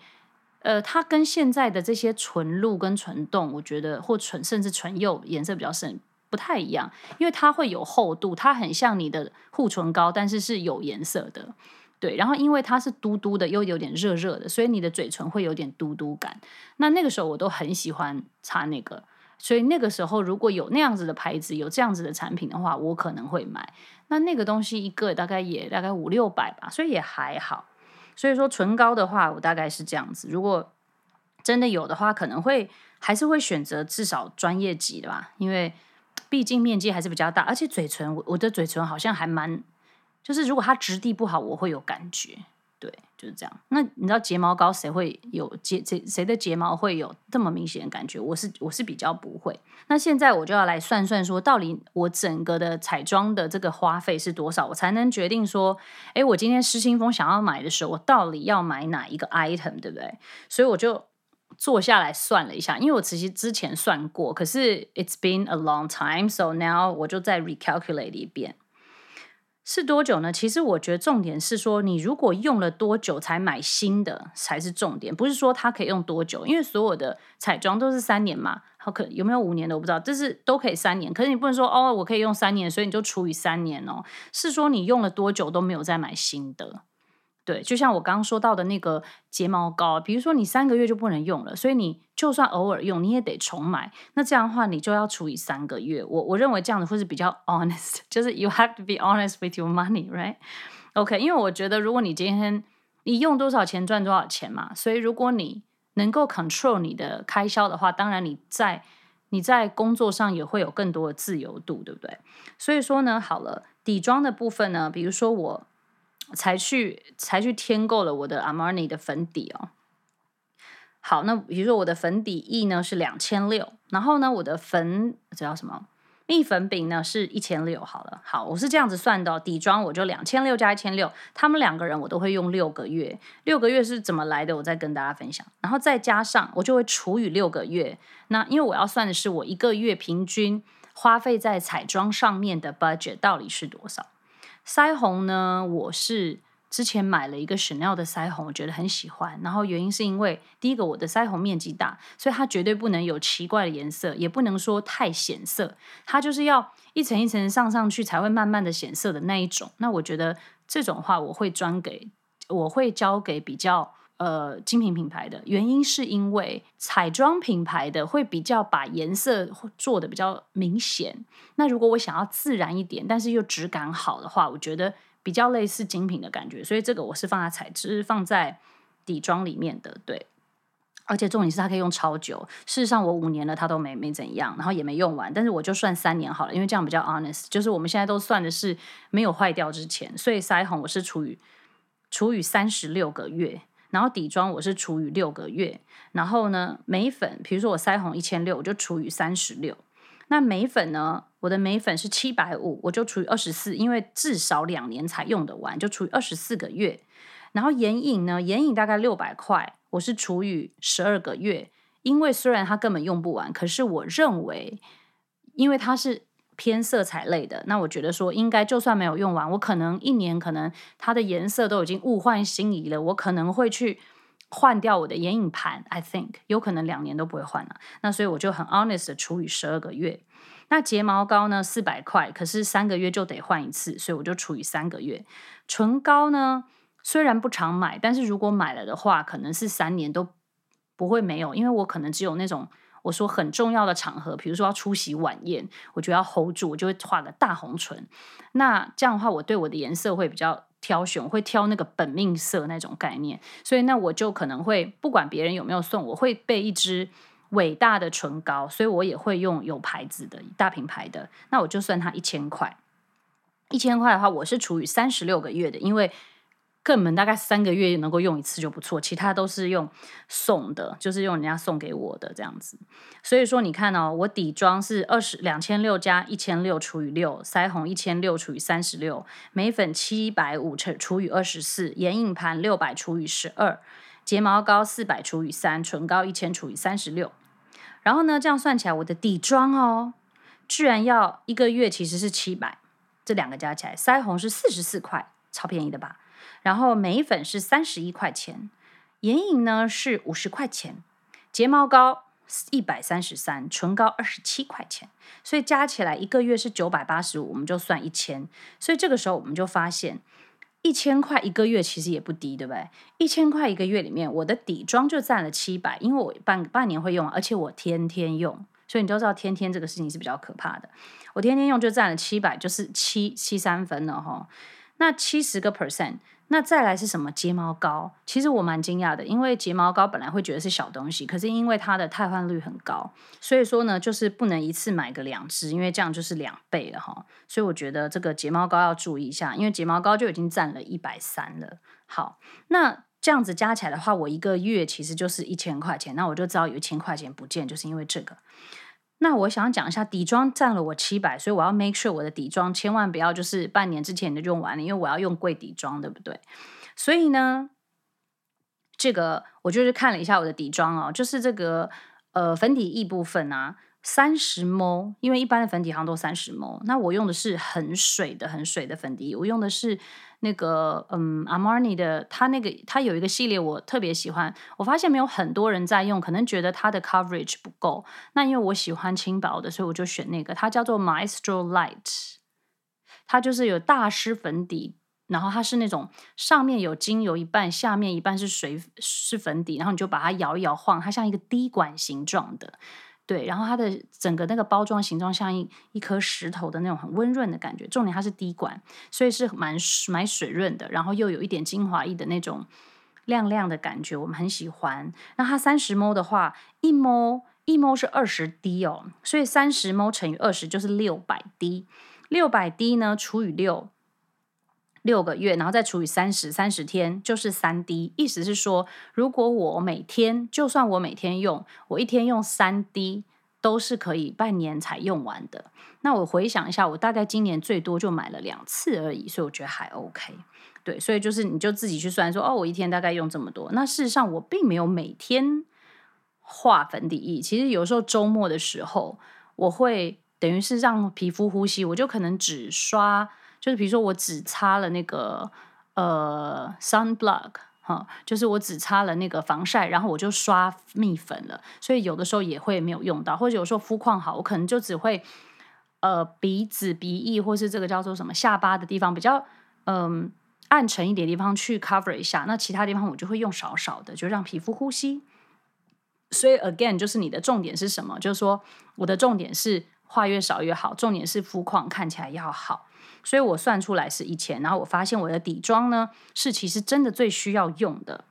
呃，它跟現在的這些唇露跟唇凍，我覺得或唇甚至唇釉顏色比較深。不太一樣，因為它會有厚度，它很像你的護唇膏，但是是有顏色的，對。然後因為它是嘟嘟的，又有點熱熱的，所以你的嘴唇會有點嘟嘟感。那那個時候我都很喜歡擦那個，所以那個時候如果有那樣子的牌子，有這樣子的產品的話，我可能會買。那那個東西一個大概也大概也五六百吧，所以也還好。所以說唇膏的話，我大概是這樣子。如果真的有的話，可能會還是會選擇至少專業級的吧，因為。畢竟面積還是比較大，而且嘴唇，我我的嘴唇好像還蠻，就是如果它質地不好，我會有感覺，對，就是這樣。那你知道睫毛膏誰會有睫誰誰的睫毛會有這麼明顯的感覺？我是我是比較不會。那現在我就要來算算，說到底我整個的彩妝的這個花費是多少，我才能決定說，哎，我今天失心瘋想要買的時候，我到底要買哪一個 item，對不對？所以我就。坐下來算了一下，因為我其實之前算過，可是 it's been a long time，so now 我就再 recalculate 一遍，是多久呢？其實我覺得重點是說，你如果用了多久才買新的才是重點，不是說它可以用多久，因為所有的彩妝都是三年嘛，好，可有沒有五年的我不知道，但是都可以三年。可是你不能說哦，我可以用三年，所以你就除以三年哦，是說你用了多久都沒有再買新的。對，就像我剛剛說到的那個睫毛膏，比如說你三個月就不能用了，所以你就算偶爾用，你也得重買。那這樣的話，你就要除以三個月。我我認為這樣子會是比較 honest，就是 you have to be honest with your money, right? OK，因為我覺得如果你今天你用多少錢賺多少錢嘛，所以如果你能夠 control 你的開銷的話，當然你在你在工作上也會有更多的自由度，對不對？所以說呢，好了，底妝的部分呢，比如說我。才去才去添購了我的阿瑪尼的粉底哦。好，那比如說我的粉底液呢是兩千六，然後呢我的粉這叫什麼蜜粉餅呢是一千六。好了，好，我是這樣子算的哦，底妝我就兩千六加一千六，他們兩個人我都會用六個月，六個月是怎麼來的？我再跟大家分享。然後再加上我就會除以六個月，那因為我要算的是我一個月平均花費在彩妝上面的 budget 到底是多少。腮紅呢？我是之前買了一個 Chanel 的腮紅，我覺得很喜歡。然後原因是因為第一個，我的腮紅面積大，所以它絕對不能有奇怪的顏色，也不能說太顯色。它就是要一層一層上上去，才會慢慢的顯色的那一種。那我覺得這種話，我會專給，我會交給比較。呃，精品品牌的。原因是因為彩妝品牌的會比較把顏色做的比較明顯。那如果我想要自然一點，但是又質感好的話，我覺得比較類似精品的感覺。所以這個我是放在彩妝，只是放在底妝裡面的，對。而且重點是它可以用超久。事實上我五年了，它都沒沒怎樣，然後也沒用完。但是我就算三年好了，因為這樣比較 honest。就是我們現在都算的是沒有壞掉之前，所以腮紅我是處於處於三十六個月。然後底妝我是除以六個月，然後呢，眉粉，比如說我腮紅一千六，我就除以三十六。那眉粉呢，我的眉粉是七百五，我就除以二十四，因為至少兩年才用得完，就除以二十四個月。然後眼影呢，眼影大概六百塊，我是除以十二個月，因為雖然它根本用不完，可是我認為，因為它是。偏色彩類的，那我覺得說應該就算沒有用完，我可能一年可能它的顏色都已經物換星移了，我可能會去換掉我的眼影盤，I think 有可能兩年都不會換了。那所以我就很 honest 的除以十二個月。那睫毛膏呢，四百塊，可是三個月就得換一次，所以我就除以三個月。唇膏呢，雖然不常買，但是如果買了的話，可能是三年都不會沒有，因為我可能只有那種。我說很重要的場合，比如說要出席晚宴，我就要 hold 住，我就會畫個大紅唇。那這樣的話，我對我的顏色會比較挑選，我會挑那個本命色那種概念。所以那我就可能會不管別人有沒有送，我會備一支偉大的唇膏。所以我也會用有牌子的大品牌的。那我就算它一千塊，一千塊的話，我是處於三十六個月的，因為。個門大概三個月能夠用一次就不錯，其他都是用送的，就是用人家送給我的這樣子。所以說，你看哦，我底妝是二十兩千六加一千六除以六，腮紅一千六除以三十六，眉粉七百五乘除以二十四，眼影盤六百除以十二，睫毛膏四百除以三，唇膏一千除以三十六。然後呢，這樣算起來，我的底妝哦，居然要一個月其實是七百，這兩個加起來，腮紅是四十四塊，超便宜的吧？然後眉粉是三十一塊錢，眼影呢是五十塊錢，睫毛膏一百三十三，唇膏二十七塊錢，所以加起來一個月是九百八十五，我們就算一千。所以這個時候我們就發現，一千塊一個月其實也不低，對不對？一千塊一個月裡面，我的底妝就占了七百，因為我半半年會用，而且我天天用，所以你都知道天天這個事情是比較可怕的。我天天用就占了七百，就是七七三分了哈。那七十個 percent。那再來是什麼睫毛膏？其實我蠻驚訝的，因為睫毛膏本來會覺得是小東西，可是因為它的汰換率很高，所以說呢，就是不能一次買個兩支，因為這樣就是兩倍了哈、哦。所以我覺得這個睫毛膏要注意一下，因為睫毛膏就已經占了一百三了。好，那這樣子加起來的話，我一個月其實就是一千塊錢。那我就知道有一千塊錢不見，就是因為這個。那我想講一下底妝占了我七百，所以我要 make sure 我的底妝千萬不要就是半年之前就用完了，因為我要用貴底妝，對不對？所以呢，這個我就是看了一下我的底妝啊、哦，就是這個呃粉底液部分啊。三十毛，ml, 因為一般的粉底好像都三十 ml。那我用的是很水的，很水的粉底，我用的是那個嗯 Armani 的，它那個它有一個系列，我特別喜歡。我發現沒有很多人在用，可能覺得它的 coverage 不夠。那因為我喜歡輕薄的，所以我就選那個，它叫做 Maestro Light，它就是有大師粉底，然後它是那種上面有精油一半，下面一半是水是粉底，然後你就把它搖一搖晃，它像一個滴管形狀的。對，然後它的整個那個包裝形狀像一一顆石頭的那種很溫潤的感覺，重點它是滴管，所以是蠻蠻水潤的，然後又有一點精華液的那種亮亮的感覺，我們很喜歡。那它三十 ml 的話，一 ml 一 ml 是二十滴哦，所以三十 ml 乘以二十就是六百滴，六百滴呢除以六，六個月，然後再除以三十，三十天，就是三滴。意思是說，如果我每天，就算我每天用，我一天用三滴，都是可以半年才用完的。那我回想一下，我大概今年最多就買了兩次而已，所以我覺得還 OK。對，所以就是你就自己去算，說哦，我一天大概用這麼多。那事實上，我並沒有每天畫粉底液。其實有時候周末的時候，我會等於是讓皮膚呼吸，我就可能只刷。就是比如說我只擦了那個呃 sunblock 哈，就是我只擦了那個防曬，然後我就刷蜜粉了，所以有的時候也會沒有用到，或者有時候膚況好，我可能就只會呃鼻子、鼻翼，或是這個叫做什麼下巴的地方比較嗯、呃、暗沉一點的地方去 cover 一下，那其他地方我就會用少少的，就讓皮膚呼吸。所以 again 就是你的重點是什麼？就是說我的重點是畫越少越好，重點是膚況看起來要好。所以我算出來是一千，然後我發現我的底妝呢是其實真的最需要用的。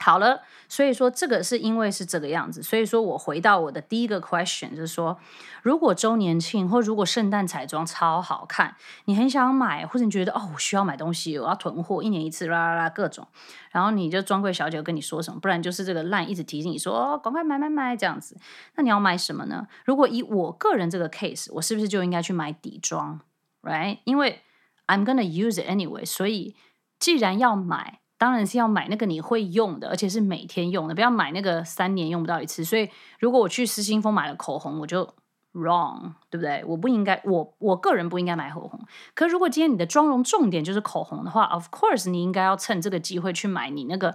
好了，所以說這個是因為是這個樣子，所以說我回到我的第一個 question 就是說，如果週年慶或如果聖誕彩妝超好看，你很想買，或者你覺得哦我需要買東西，我要囤貨，一年一次啦啦啦各種，然後你就專櫃小姐跟你說什麼？不然就是這個 LINE 一直提醒你說哦，趕快買買買這樣子。那你要買什麼呢？如果以我個人這個 case，我是不是就應該去買底妝？Right，因為 I'm gonna use it anyway，所以既然要買，當然是要買那個你會用的，而且是每天用的，不要買那個三年用不到一次。所以如果我去失心瘋買了口紅，我就 wrong，對不對？我不應該，我我個人不應該買口紅。可如果今天你的妝容重點就是口紅的話，Of course，你應該要趁這個機會去買你那個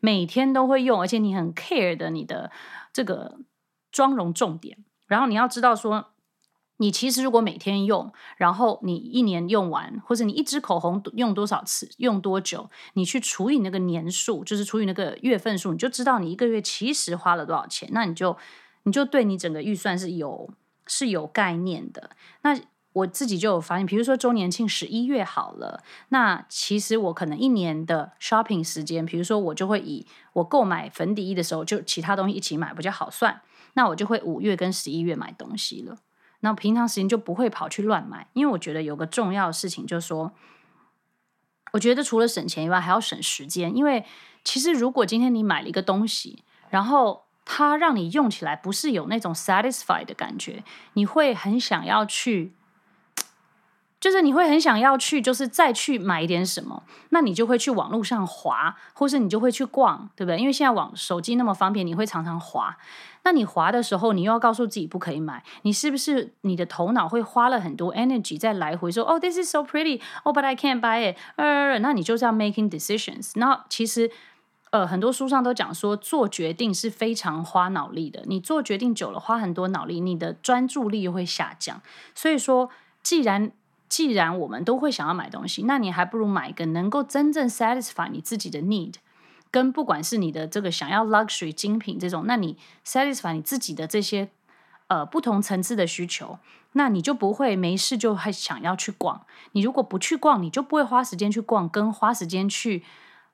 每天都會用，而且你很 care 的你的這個妝容重點。然後你要知道說。你其實如果每天用，然後你一年用完，或者你一支口紅用多少次、用多久，你去除以那個年數，就是除以那個月份數，你就知道你一個月其實花了多少錢。那你就你就對你整個預算是有是有概念的。那我自己就有發現，比如說周年慶十一月好了，那其實我可能一年的 shopping 時間，比如說我就會以我購買粉底液的時候，就其他東西一起買比較好算。那我就會五月跟十一月買東西了。那平常時間就不會跑去亂買，因為我覺得有個重要的事情，就是說，我覺得除了省錢以外，還要省時間。因為其實如果今天你買了一個東西，然後它讓你用起來不是有那種 satisfied 的感覺，你會很想要去。就是你會很想要去，就是再去買一點什麼，那你就會去網路上滑，或是你就會去逛，對不對？因為現在網手機那麼方便，你會常常滑。那你滑的時候，你又要告訴自己不可以買，你是不是你的頭腦會花了很多 energy 再來回說：“哦，this is so pretty，oh, but I can't buy it。”呃，那你就是要 making decisions。那其實呃，很多書上都講說，做決定是非常花腦力的。你做決定久了，花很多腦力，你的專注力又會下降。所以說，既然既然我們都會想要買東西，那你還不如買一個能夠真正 satisfy 你自己的 need，跟不管是你的這個想要 luxury 精品這種，那你 satisfy 你自己的這些呃不同層次的需求，那你就不會沒事就還想要去逛。你如果不去逛，你就不會花時間去逛，跟花時間去。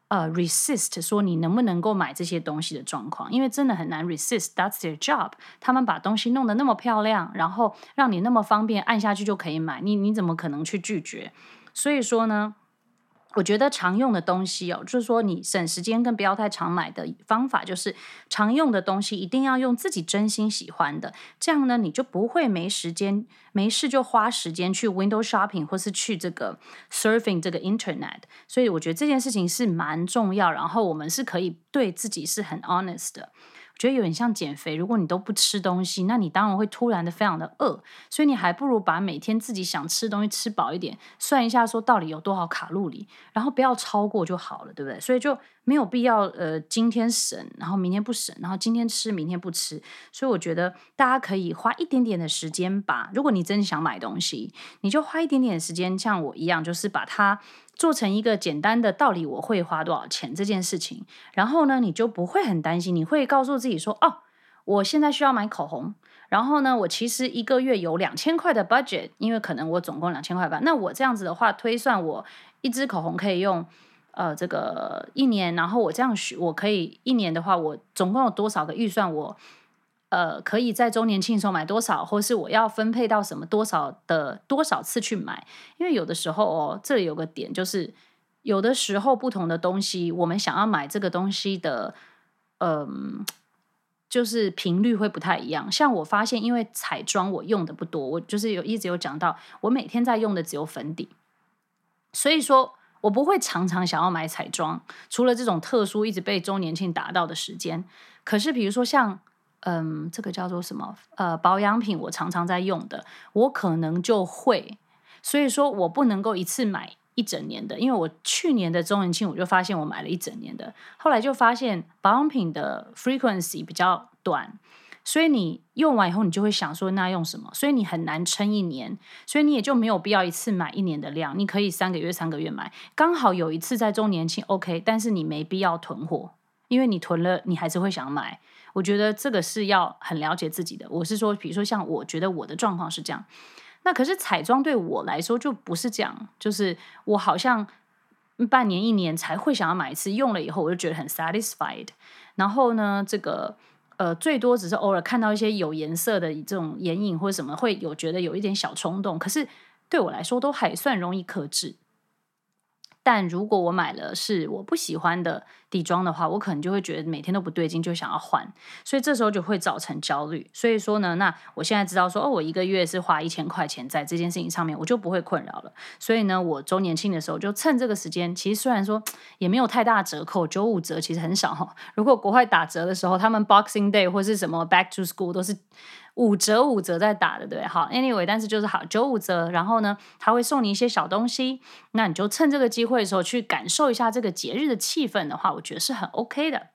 呃，uh，resist 說你能不能夠買這些東西的狀況，因為真的很難 resist。That's their job。他們把東西弄得那麼漂亮，然後讓你那麼方便按下去就可以買，你你怎麼可能去拒絕？所以說呢。我覺得常用的東西哦，就是說你省時間跟不要太常買的方法，就是常用的東西一定要用自己真心喜歡的，這樣呢你就不會沒時間、沒事就花時間去 window shopping 或是去這個 surfing 這個 internet。所以我覺得這件事情是蠻重要，然後我們是可以對自己是很 honest 的。覺得有點像減肥，如果你都不吃東西，那你當然會突然的非常的餓，所以你還不如把每天自己想吃的東西吃飽一點，算一下說到底有多少卡路里，然後不要超過就好了，對不對？所以就沒有必要呃今天省，然後明天不省，然後今天吃明天不吃，所以我覺得大家可以花一點點的時間吧。如果你真的想買東西，你就花一點點的時間，像我一樣，就是把它。做成一個簡單的道理，我會花多少錢這件事情，然後呢，你就不會很擔心，你會告訴自己說，哦，我現在需要買口紅，然後呢，我其實一個月有兩千塊的 budget，因為可能我總共兩千塊吧，那我這樣子的話，推算我一支口紅可以用，呃，這個一年，然後我這樣需我可以一年的話，我總共有多少個預算我。呃，可以在週年慶時候買多少，或是我要分配到什麼多少的多少次去買？因為有的時候哦，這裡有個點就是，有的時候不同的東西，我們想要買這個東西的，嗯、呃，就是頻率會不太一樣。像我發現，因為彩妝我用的不多，我就是有一直有講到，我每天在用的只有粉底，所以說我不會常常想要買彩妝，除了這種特殊一直被週年慶打到的時間。可是比如說像。嗯，這個叫做什麼？呃，保養品我常常在用的，我可能就會，所以說我不能夠一次買一整年的，因為我去年的周年慶我就發現我買了一整年的，後來就發現保養品的 frequency 比較短，所以你用完以後你就會想說那用什麼，所以你很難撐一年，所以你也就沒有必要一次買一年的量，你可以三個月三個月買，剛好有一次在周年慶 OK，但是你沒必要囤貨，因為你囤了你還是會想買。我覺得這個是要很了解自己的。我是說，比如說像我覺得我的狀況是這樣，那可是彩妝對我來說就不是這樣，就是我好像半年一年才會想要買一次，用了以後我就覺得很 satisfied。然後呢，這個呃最多只是偶爾看到一些有顏色的這種眼影或者什麼，會有覺得有一點小衝動，可是對我來說都還算容易克制。但如果我買了是我不喜歡的底妝的話，我可能就會覺得每天都不對勁，就想要換，所以這時候就會造成焦慮。所以說呢，那我現在知道說，哦，我一個月是花一千塊錢在這件事情上面，我就不會困擾了。所以呢，我周年慶的時候就趁這個時間，其實雖然說也沒有太大折扣，九五折其實很少哈。如果國外打折的時候，他們 Boxing Day 或是什麼 Back to School 都是。五折五折在打的。對，好，Anyway，但是就是好九五折，然後呢，他會送你一些小東西，那你就趁這個機會的時候去感受一下這個節日的氣氛的話，我覺得是很 OK 的。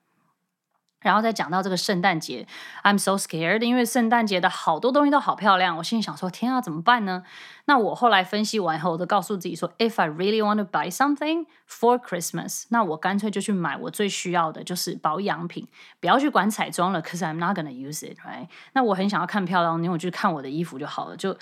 然後再講到這個聖誕節，I'm so scared，因為聖誕節的好多東西都好漂亮，我心裡想說，天啊，怎麼辦呢？那我後來分析完後，我就告訴自己說，If I really wanna buy something for Christmas，那我乾脆就去買我最需要的，就是保養品，不要去管彩妝了，Cause I'm not gonna use it，right？那我很想要看漂亮，那我去看我的衣服就好了，就。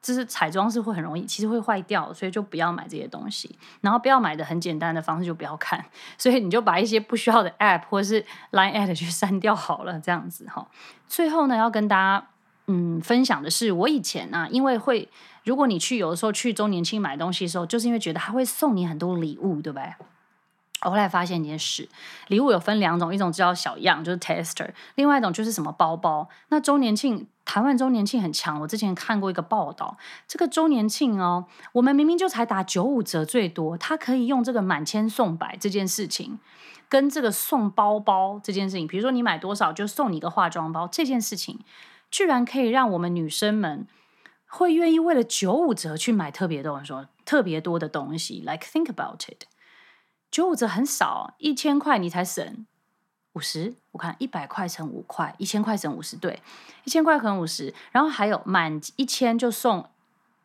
就是彩妝是會很容易，其實會壞掉，所以就不要買這些東西。然後不要買的很簡單的方式就不要看，所以你就把一些不需要的 App 或是 Line App 去刪掉好了，這樣子哈、哦。最後呢，要跟大家嗯分享的是，我以前啊，因為會如果你去有的時候去周年慶買東西的時候，就是因為覺得他會送你很多禮物，對不對？我後來發現一件事，禮物有分兩種，一種叫小樣，就是 tester，另外一種就是什麼包包。那周年慶，台灣周年慶很強。我之前看過一個報道，這個周年慶哦，我們明明就才打九五折最多，他可以用這個滿千送百這件事情，跟這個送包包這件事情，比如說你買多少就送你一個化妝包這件事情，居然可以讓我們女生們會願意為了九五折去買特別多，說特別多的東西。Like think about it. 九五折很少，一千塊你才省五十。我看一百塊乘五塊，一千塊乘五十，對，一千塊省五十。然後還有滿一千就送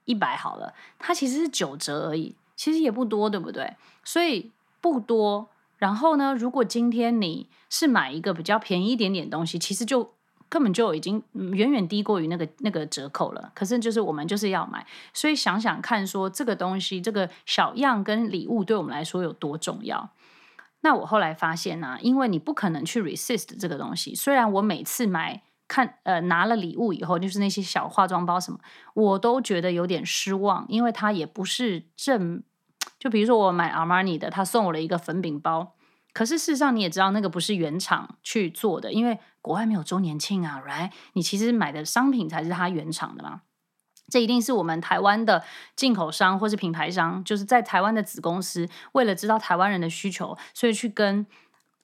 一百好了，它其實是九折而已，其實也不多，對不對？所以不多。然後呢，如果今天你是買一個比較便宜一點點東西，其實就。根本就已經遠遠低過於那個那個折扣了。可是就是我們就是要買，所以想想看，說這個東西這個小樣跟禮物對我們來說有多重要？那我後來發現呢、啊，因為你不可能去 resist 這個東西。雖然我每次買看呃拿了禮物以後，就是那些小化妝包什麼，我都覺得有點失望，因為它也不是正。就比如說我買 Armani 的，他送我了一個粉餅包。可是，事實上你也知道，那個不是原廠去做的，因為國外沒有周年慶啊，right？你其實買的商品才是它原廠的嘛。這一定是我們台灣的進口商或是品牌商，就是在台灣的子公司，為了知道台灣人的需求，所以去跟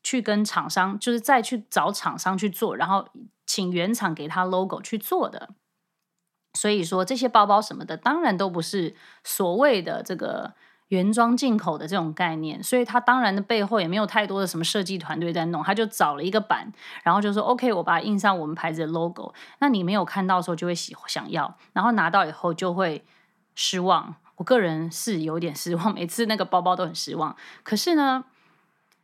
去跟廠商，就是再去找廠商去做，然後請原廠給他 logo 去做的。所以說，這些包包什麼的，當然都不是所謂的這個。原裝進口的這種概念，所以它當然的背後也沒有太多的什麼設計團隊在弄，他就找了一個版，然後就說 OK，我把它印上我們牌子的 logo。那你沒有看到的時候就會喜想要，然後拿到以後就會失望。我個人是有點失望，每次那個包包都很失望。可是呢，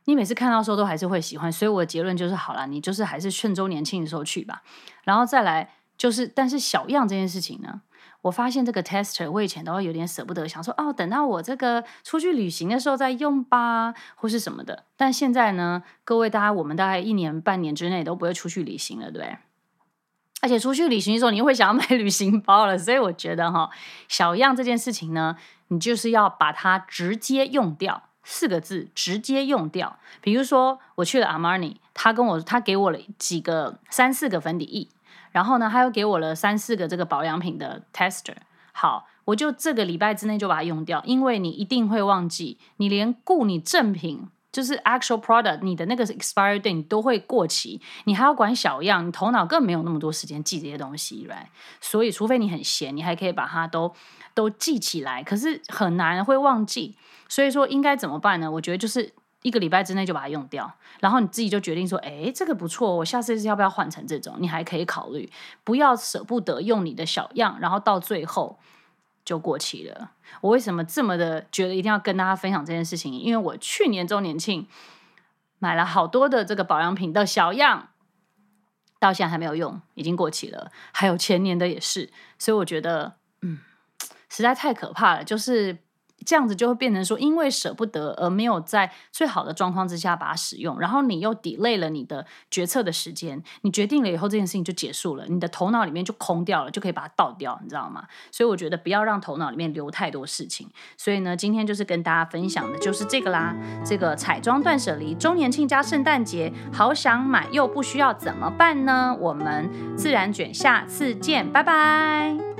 你每次看到的時候都還是會喜歡，所以我的結論就是好啦，你就是還是趁周年慶的時候去吧。然後再來就是，但是小樣這件事情呢？我發現這個 tester，我以前都會有點捨不得，想說哦，等到我這個出去旅行的時候再用吧，或是什麼的。但現在呢，各位大家，我們大概一年半年之內都不會出去旅行了，對不對？而且出去旅行的時候，你又會想要買旅行包了。所以我覺得哈、哦，小樣這件事情呢，你就是要把它直接用掉，四個字，直接用掉。比如說我去了阿瑪尼，他跟我，他給我了幾個三四個粉底液。然後呢，他又給我了三四個這個保養品的 tester。好，我就這個禮拜之內就把它用掉，因為你一定會忘記。你連雇你正品就是 actual product，你的那個 expire date 你都會過期，你還要管小樣，你頭腦更沒有那麼多時間記這些東西來。Right? 所以，除非你很閒，你還可以把它都都記起來，可是很難會忘記。所以說，應該怎麼辦呢？我覺得就是。一個禮拜之內就把它用掉，然後你自己就決定說：“誒，這個不錯，我下次要不要換成這種？”你還可以考慮，不要捨不得用你的小樣，然後到最後就過期了。我為什麼這麼的覺得一定要跟大家分享這件事情？因為我去年週年慶買了好多的這個保養品的小樣，到現在還沒有用，已經過期了。還有前年的也是，所以我覺得，嗯，實在太可怕了，就是。這樣子就會變成說，因為捨不得而沒有在最好的狀況之下把它使用，然後你又 delay 了你的決策的時間。你決定了以後，這件事情就結束了，你的頭腦裡面就空掉了，就可以把它倒掉，你知道嗎？所以我覺得不要讓頭腦裡面留太多事情。所以呢，今天就是跟大家分享的就是這個啦，這個彩妝斷捨離。週年慶加聖誕節，好想買又不需要怎麼辦呢？我們自然捲下次見，拜拜。